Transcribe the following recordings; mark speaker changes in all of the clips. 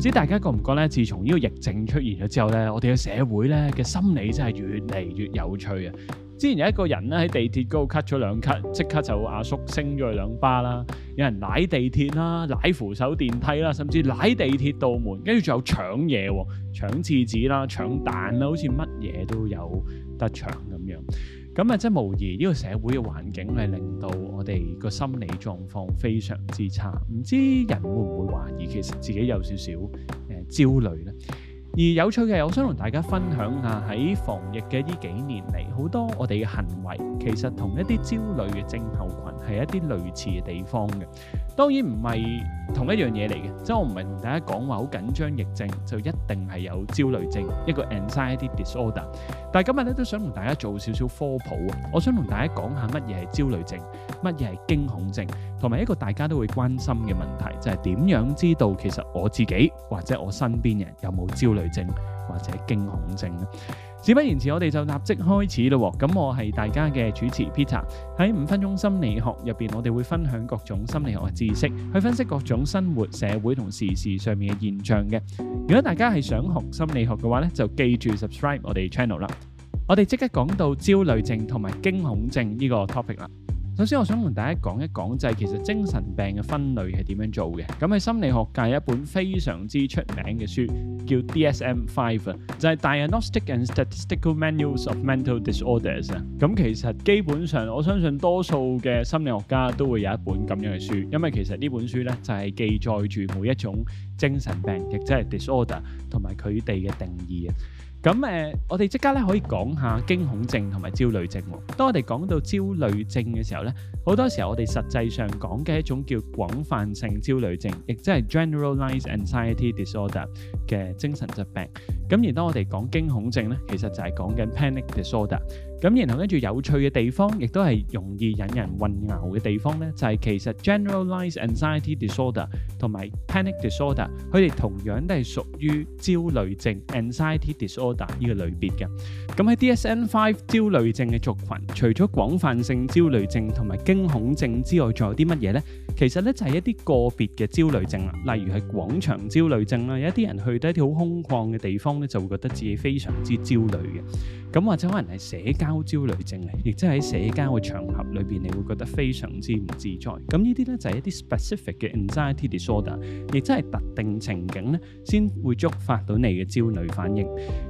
Speaker 1: 唔知大家有冇覺唔覺呢？自從呢個疫症出現咗之後呢，我哋嘅社會呢嘅心理真係越嚟越有趣啊！之前有一個人呢，喺地鐵嗰度咳咗兩咳，即刻就阿叔升咗佢兩巴啦。有人踩地鐵啦，踩扶手電梯啦，甚至踩地鐵道門，跟住仲有搶嘢喎，搶廁紙啦，搶蛋啦，好似乜嘢都有得搶咁。咁啊，真無疑呢個社會嘅環境係令到我哋個心理狀況非常之差。唔知人會唔會懷疑其實自己有少少誒焦慮呢？而有趣嘅係，我想同大家分享下喺防疫嘅呢幾年嚟，好多我哋嘅行為其實同一啲焦慮嘅症候群係一啲類似嘅地方嘅。當然唔係。同一樣嘢嚟嘅，即係我唔係同大家講話好緊張，疫症就一定係有焦慮症，一個 anxiety disorder。但係今日咧都想同大家做少少科普啊，我想同大家講下乜嘢係焦慮症，乜嘢係驚恐症，同埋一個大家都會關心嘅問題就係點樣知道其實我自己或者我身邊嘅人有冇焦慮症或者驚恐症咧？事不宜遲，我哋就立即開始啦喎。咁我係大家嘅主持 Peter 喺五分鐘心理學入邊，我哋會分享各種心理學嘅知識，去分析各種生活、社會同時事上面嘅現象嘅。如果大家係想學心理學嘅話咧，就記住 subscribe 我哋 channel 啦。我哋即刻講到焦慮症同埋驚恐症呢個 topic 啦。首先，我想同大家講一講就係其實精神病嘅分類係點樣做嘅。咁喺心理學界有一本非常之出名嘅書，叫 DSM Five，就係 Diagnostic and Statistical Manual of Mental Disorders 啊。咁其實基本上，我相信多數嘅心理學家都會有一本咁樣嘅書，因為其實呢本書咧就係記載住每一種精神病，亦即係 disorder 同埋佢哋嘅定義啊。咁誒，我哋即刻咧可以講下驚恐症同埋焦慮症。當我哋講到焦慮症嘅時候咧，好多時候我哋實際上講嘅一種叫廣泛性焦慮症，亦即係 generalized anxiety disorder 嘅精神疾病。咁而當我哋講驚恐症咧，其實就係講緊 panic disorder。咁然後跟住有趣嘅地方，亦都係容易引人混淆嘅地方咧，就係其實 generalized anxiety disorder 同埋 panic disorder，佢哋同樣都係屬於焦慮症 （anxiety disorder）。呢個類別嘅咁喺 DSM 五焦慮症嘅族群，除咗廣泛性焦慮症同埋驚恐症之外，仲有啲乜嘢咧？其實咧就係一啲個別嘅焦慮症啦，例如係廣場焦慮症啦，有一啲人去到一啲好空曠嘅地方咧，就會覺得自己非常之焦慮嘅。咁或者可能係社交焦慮症嚟，亦即係喺社交嘅場合裏邊，你會覺得非常之唔自在。咁呢啲咧就係一啲 specific 嘅 anxiety disorder，亦即係特定情景咧先會觸發到你嘅焦慮反應。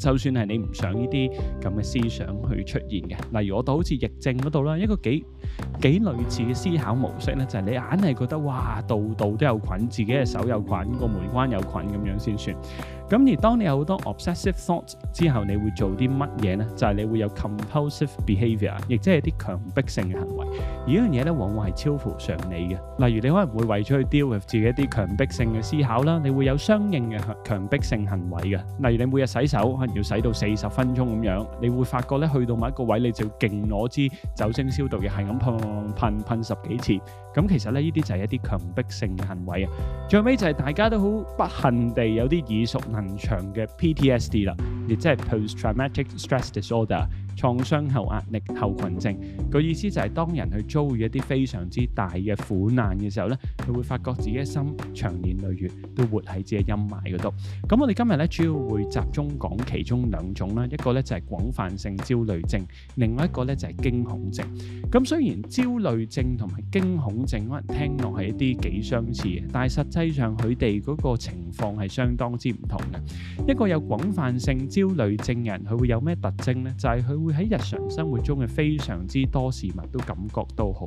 Speaker 1: 就算係你唔想呢啲咁嘅思想去出現嘅，例如我哋好似疫症嗰度啦，一個幾幾類似嘅思考模式咧，就係你硬係覺得哇，度度都有菌，自己嘅手有菌，個門關有菌咁樣先算。咁而當你有好多 obsessive thoughts 之後，你會做啲乜嘢咧？就係你會有 compulsive behavior，亦即係啲強迫性嘅行為。而呢樣嘢咧，往往係超乎常理嘅。例如你可能會為咗去 deal with 自己一啲強迫性嘅思考啦，你會有相應嘅強迫性行為嘅。例如你每日洗手。要洗到四十分鐘咁樣，你會發覺咧，去到某一個位，你就勁攞支酒精消毒液，係咁噴噴噴十幾次。咁、嗯、其實咧，呢啲就係一啲強迫性嘅行為啊。最尾就係大家都好不幸地有啲耳熟能詳嘅 PTSD 啦，亦即係 Post-traumatic stress disorder。創傷後壓力後群症個意思，就係當人去遭遇一啲非常之大嘅苦難嘅時候咧，佢會發覺自己嘅心長年累月都活喺自己陰霾嗰度。咁我哋今日咧主要會集中講其中兩種啦，一個咧就係廣泛性焦慮症，另外一個咧就係驚恐症。咁雖然焦慮症同埋驚恐症可能聽落係一啲幾相似嘅，但係實際上佢哋嗰個情況係相當之唔同嘅。一個有廣泛性焦慮症人，佢會有咩特徵咧？就係佢會。喺日常生活中嘅非常之多市民都感覺到好。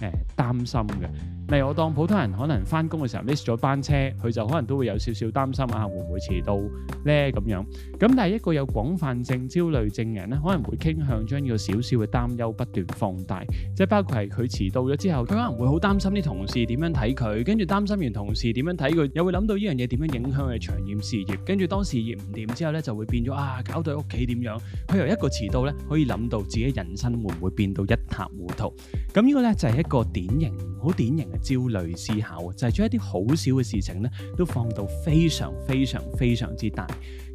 Speaker 1: 誒、欸、擔心嘅，例如我當普通人可能翻工嘅時候 miss 咗班車，佢就可能都會有少少擔心啊，會唔會遲到呢？咁樣？咁但係一個有廣泛性焦慮症人呢，可能會傾向將呢個少少嘅擔憂不斷放大，即係包括係佢遲到咗之後，佢可能會好擔心啲同事點樣睇佢，跟住擔心完同事點樣睇佢，又會諗到呢樣嘢點樣影響佢長遠事業，跟住當事業唔掂之後呢，就會變咗啊，搞到屋企點樣？佢由一個遲到呢，可以諗到自己人生會唔會變到一塌糊塗？咁呢個呢，就係、一個典型好典型嘅焦慮思考就係、是、將一啲好小嘅事情咧，都放到非常非常非常之大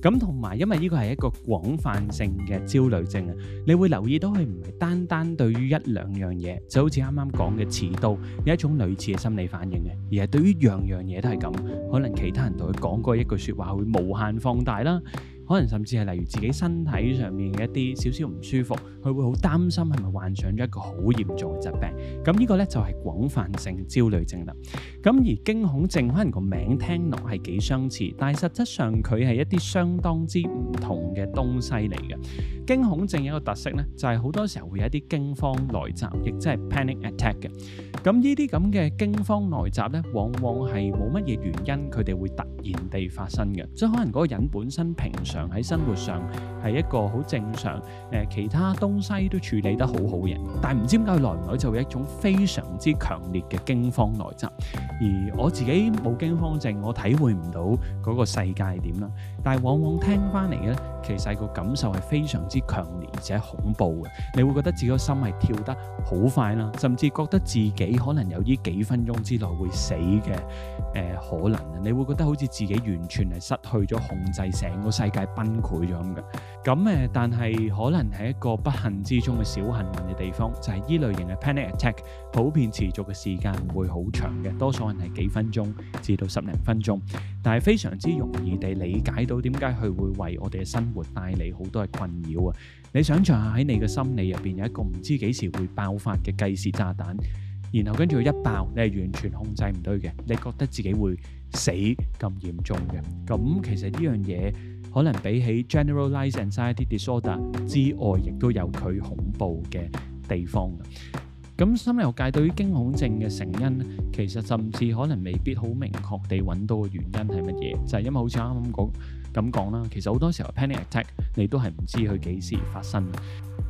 Speaker 1: 咁，同埋因為呢個係一個廣泛性嘅焦慮症啊，你會留意到佢唔係單單對於一兩樣嘢，就好似啱啱講嘅遲到，有一種類似嘅心理反應嘅，而係對於樣樣嘢都係咁，可能其他人同佢講過一句說話會無限放大啦。可能甚至係例如自己身體上面嘅一啲少少唔舒服，佢會好擔心係咪患上咗一個好嚴重嘅疾病？咁呢個呢就係廣泛性焦慮症啦。咁而驚恐症可能個名聽落係幾相似，但係實質上佢係一啲相當之唔同嘅東西嚟嘅。驚恐症有一個特色呢，就係好多時候會有一啲驚慌來襲，亦即係 panic attack 嘅。咁呢啲咁嘅驚慌來襲呢，往往係冇乜嘢原因，佢哋會突然地發生嘅。所以可能嗰個人本身平常，常喺生活上係一個好正常，誒其他東西都處理得好好嘅，但係唔知點解佢耐唔耐就會一種非常之強烈嘅驚慌來襲。而我自己冇驚慌症，我體會唔到嗰個世界係點啦。但係往往聽翻嚟咧，其實個感受係非常之強烈，而且恐怖嘅。你會覺得自己個心係跳得好快啦，甚至覺得自己可能有呢幾分鐘之內會死嘅誒、呃、可能。你會覺得好似自己完全係失去咗控制，成個世界。崩潰咗咁嘅，咁誒，但係可能係一個不幸之中嘅小幸運嘅地方，就係呢類型嘅 panic attack 普遍持續嘅時間會好長嘅，多數人係幾分鐘至到十零分鐘，但係非常之容易地理解到點解佢會為我哋嘅生活帶嚟好多嘅困擾啊！你想象下喺你嘅心理入邊有一個唔知幾時會爆發嘅計時炸彈。然後跟住佢一爆，你係完全控制唔到佢嘅，你覺得自己會死咁嚴重嘅。咁其實呢樣嘢可能比起 generalized anxiety disorder 之外，亦都有佢恐怖嘅地方。咁心理學界對於驚恐症嘅成因咧，其實甚至可能未必好明確地揾到嘅原因係乜嘢，就係因為好似啱啱講咁講啦。其實好多時候 panic attack 你都係唔知佢幾時發生。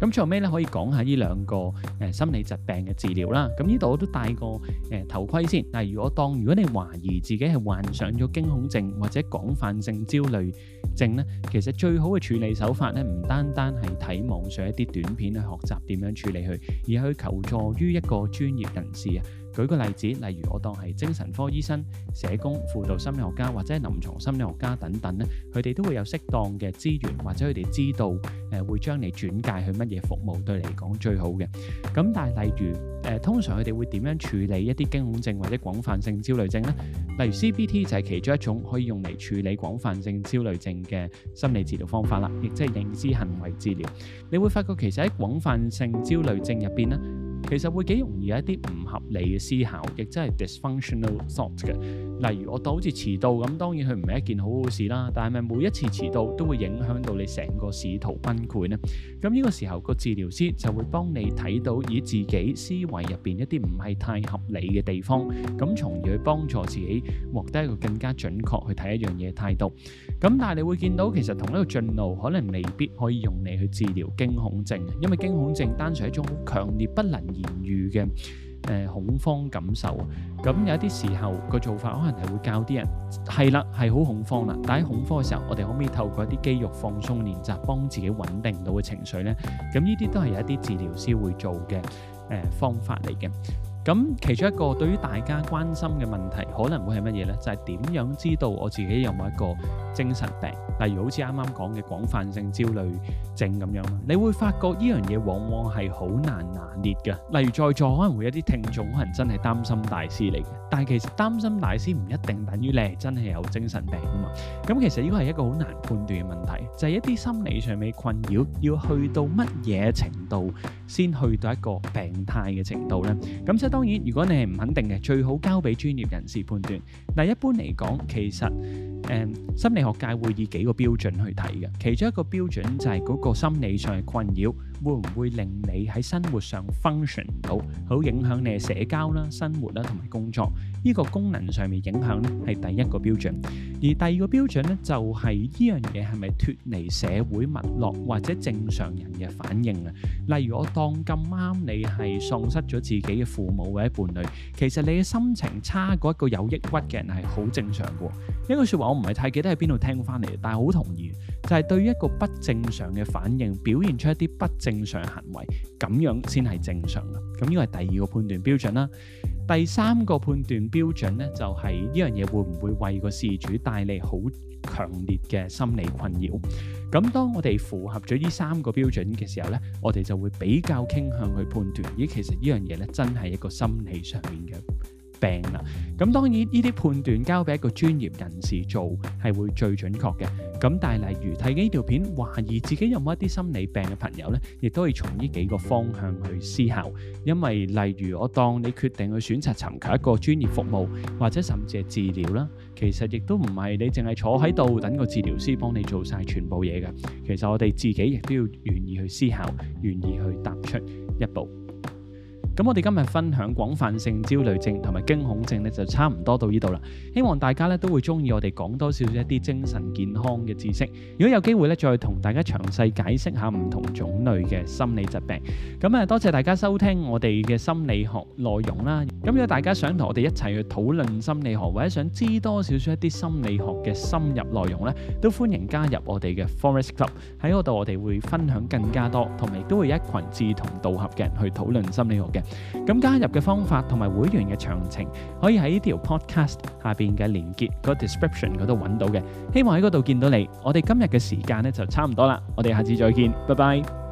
Speaker 1: 咁最後咩咧？可以講下呢兩個心理疾病嘅治療啦。咁呢度我都戴個誒頭盔先。但如果當，如果你懷疑自己係患上咗驚恐症或者廣泛性焦慮症咧，其實最好嘅處理手法咧，唔單單係睇網上一啲短片去學習點樣處理佢，而係去求助於一個專業人士。舉個例子，例如我當係精神科醫生、社工、輔導心理學家或者臨床心理學家等等咧，佢哋都會有適當嘅資源，或者佢哋知道誒、呃、會將你轉介去乜嘢服務對你嚟講最好嘅。咁但係例如誒、呃，通常佢哋會點樣處理一啲驚恐症或者廣泛性焦慮症呢？例如 CBT 就係其中一種可以用嚟處理廣泛性焦慮症嘅心理治療方法啦，亦即係認知行為治療。你會發覺其實喺廣泛性焦慮症入邊咧。其實會幾容易有一啲唔合理嘅思考，亦即係 dysfunctional thought 嘅。例如我到好似遲到咁，當然佢唔係一件好好事啦。但係咪每一次遲到都會影響到你成個仕途崩潰呢？咁呢個時候個治療師就會幫你睇到以自己思維入邊一啲唔係太合理嘅地方，咁從而去幫助自己獲得一個更加準確去睇一樣嘢態度。咁但係你會見到其實同一個進路可能未必可以用嚟去治療驚恐症，因為驚恐症單純係一種強烈不能。言語嘅誒恐慌感受，咁有啲時候個做法可能係會教啲人係啦，係好恐慌啦。但喺恐慌嘅時候，我哋可唔可以透過一啲肌肉放鬆練習，幫自己穩定到嘅情緒呢？咁呢啲都係有一啲治療師會做嘅誒、呃、方法嚟嘅。咁其中一個對於大家關心嘅問題，可能會係乜嘢呢？就係點樣知道我自己有冇一個精神病？例如好似啱啱講嘅廣泛性焦慮症咁樣啦，你會發覺呢樣嘢往往係好難拿捏嘅。例如在座可能會有啲聽眾可能真係擔心大師嚟嘅，但係其實擔心大師唔一定等於你係真係有精神病吖嘛。咁其實呢個係一個好難判斷嘅問題，就係一啲心理上面困擾，要去到乜嘢程度先去到一個病態嘅程度呢？咁即係。當然，如果你係唔肯定嘅，最好交俾專業人士判斷。嗱，一般嚟講，其實誒、呃、心理學界會以幾個標準去睇嘅，其中一個標準就係嗰個心理上嘅困擾。會唔會令你喺生活上 function 唔到，好影響你嘅社交啦、生活啦同埋工作？依個功能上面影響咧，係第一個標準。而第二個標準咧，就係依樣嘢係咪脫離社會脈絡或者正常人嘅反應啊？例如我當咁啱你係喪失咗自己嘅父母或者伴侶，其實你嘅心情差過一個有抑鬱嘅人係好正常嘅。一句說話我唔係太記得喺邊度聽翻嚟，但係好同意，就係對於一個不正常嘅反應，表現出一啲不。正常行為咁樣先係正常嘅，咁呢個係第二個判斷標準啦。第三個判斷標準呢，就係呢樣嘢會唔會為個事主帶嚟好強烈嘅心理困擾？咁當我哋符合咗呢三個標準嘅時候呢，我哋就會比較傾向去判斷，咦，其實呢樣嘢呢，真係一個心理上面嘅。病啦，咁當然呢啲判斷交俾一個專業人士做係會最準確嘅。咁但係例如睇呢條片懷疑自己有冇一啲心理病嘅朋友咧，亦都可以從呢幾個方向去思考。因為例如我當你決定去選擇尋求一個專業服務，或者甚至係治療啦，其實亦都唔係你淨係坐喺度等個治療師幫你做曬全部嘢嘅。其實我哋自己亦都要願意去思考，願意去踏出一步。咁我哋今日分享廣泛性焦慮症同埋驚恐症咧，就差唔多到呢度啦。希望大家咧都會鍾意我哋講多少少一啲精神健康嘅知識。如果有機會咧，再同大家詳細解釋下唔同種類嘅心理疾病。咁啊，多謝大家收聽我哋嘅心理學內容啦。咁如果大家想同我哋一齊去討論心理學，或者想知多少少一啲心理學嘅深入內容咧，都歡迎加入我哋嘅 Forest Club。喺嗰度，我哋會分享更加多，同埋亦都會有一群志同道合嘅人去討論心理學嘅。咁加入嘅方法同埋會員嘅詳情，可以喺條 podcast 下邊嘅連結，嗰個 description 嗰度搵到嘅。希望喺嗰度見到你。我哋今日嘅時間咧就差唔多啦，我哋下次再見，拜拜。